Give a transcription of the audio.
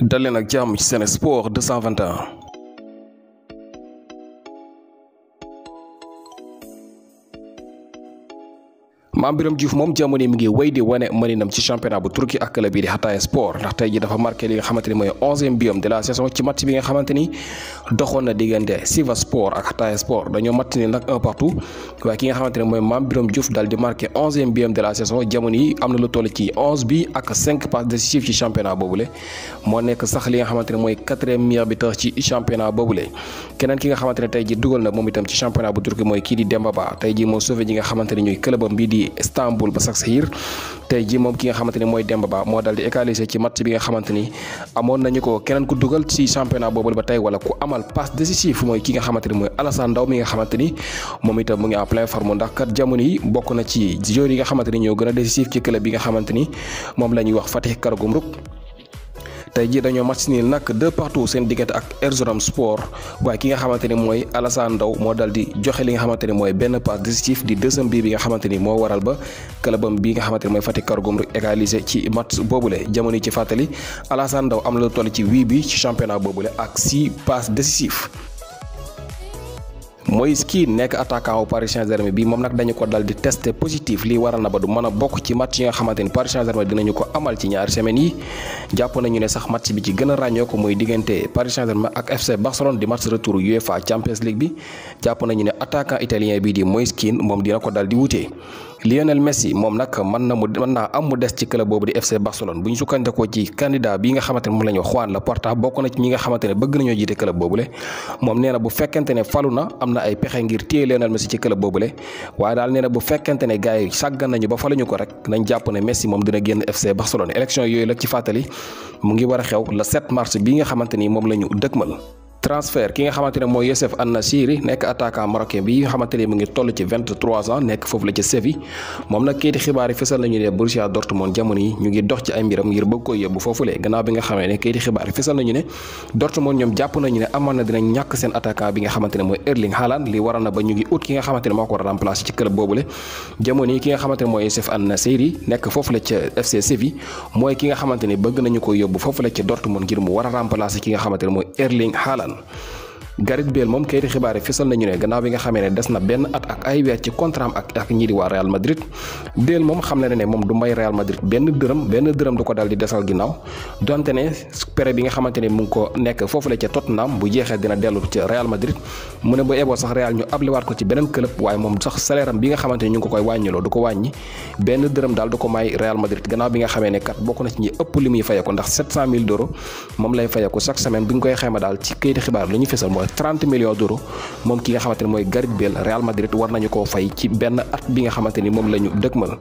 Dalena Giam, ak Sport, ci 221 Mame Birame Diouf moom jamono mi ngi wéy di wane mëninam ci championnat bu Turquie ak club bi di Hatay Sport ndax tey ji dafa marqué li nga xamante mooy onzième biom de bi nga ni doxoon na diggante un partout waaye ki nga xamante ni na ci championnat xamante ne mooy quatrième meilleur na moom itam ci championnat bu Turquie mooy kii di Demba Ba ji moo sauvé ñi nga xamante ne ñooy clubam ci Istanbul Başakşehir tey ji moom ki nga xamante ni mooy Demba Ba moo daal di égaliser ci match bi nga xamante ni amoon nañu ko keneen ku dugal ci championnat boobu ba tey wala ku amal passe décisif mooy ki nga xamante ni mooy Alassane Ndao mi nga xamante ni moom itam mu ngi en pleine forme ndax kat jamono yi bokk na ci joueurs yi nga xamante ni ñoo gën a décisif ci club bi nga xamante ni moom la ñuy wax Fatih Karagümrük tey jii dañoo match nii nag deux partout seen diggante ak Erzurum Sport waaye ki nga xamante ni mooy Alassane Ndao moo dal di joxe li nga xamante ni mooy benn passe décisif di deuxième bii bi nga xamante ni moo waral ba clubam bi nga xamante ni mooy Fatick Karagum rek égalisé ci match boobule jamono yi ci fàttali Alassane ndaw am na lu toll ci huit bi ci championnat boobule ak six passes décisives. Moïse Kean nekk attaquant wu Paris saint bi moom nag dañu ko dal di testé positif lii waral na ba du a bokk ci match yi nga xamante ni Paris Saint-Germain ko amal ci ñaari semaines yi jàpp nañu ne sax match bi ci gëna a ràññoo ko mooy diggante Paris Saint-Germain ak FC Barcelone di match retour UEFA Champions League bi jàpp nañu ne attaquant italien bi di Moise Kean moom dina ko dal di wute Lionel Messi moom nag mën na mu mën naa am mu des ci club boobu di FC Barcelone bu ñu sukkandikoo ci candidat bi nga xamante ne moom la ñu Juan Laporta bokk na ci nga xamante ne bëgg nañoo jiite club boobule moom nee na bu fekkente ne falu na am na ay pexe ngir téye Lionel Messi ci club boobule waaye daal nee na bu fekkente ne gars yi sàggan nañu ba faluñu ko rek nañ jàpp ne Messi moom dina génn FC Barcelone élection yooyu la ci fàttali mu ngi war a xew le 7 mars bi nga xamante ni moom la ñu dëkkmal transfert ki nga xamante ne mooy Youssef Annachiri nekk attaquant marocain bi nga xamante ne mu ngi toll ci vingt-trois ans nekk foofu la ci Séville moom nag kayiti xibaar yi fesal nañu ne Borussia Dortmund jamono yi ñu ngi dox ci ay mbiram ngir bëgg koy yóbbu foofu lee gannaaw bi nga xamee ne kayiti xibaar yi fesal nañu ne Dortmund ñoom jàpp nañu ne amoon na dinañ ñàkk seen attaquant bi nga xamante ne mooy Erling Haaland li waral na ba ñu ngi ut ki nga xamante ne moo ko war a remplacer ci club boobule jamono yi ki nga xamante ne mooy Youssef Annachiri nekk foofu la ca FC Séville mooy ki nga xamante ne bëgg nañu koy yóbbu foofu la ca Dortmund ngir mu war a remplacer ki nga xamante ne mooy Erling Haaland werden. Gareth Bale moom kayiti xibaar na benn at ak ay weer ci contrat ak ak ñii di waa Real Madrid Bale dërëm ko dal di desal daal du ko may Real Madrid gannaaw bi nga xamee ne kat bokk na ci ñi ëpp li muy ndax 700 000 moom lay fayeeko chaque semaine bi nga koy xayma daal ci kayiti xibaar li ñu fisal 30 millions d'euros moom ki nga xamante ni mooy Gareth Bale Real Madrid war nañu koo fay ci benn at bi nga xamante ni moom la ñu dëgmal.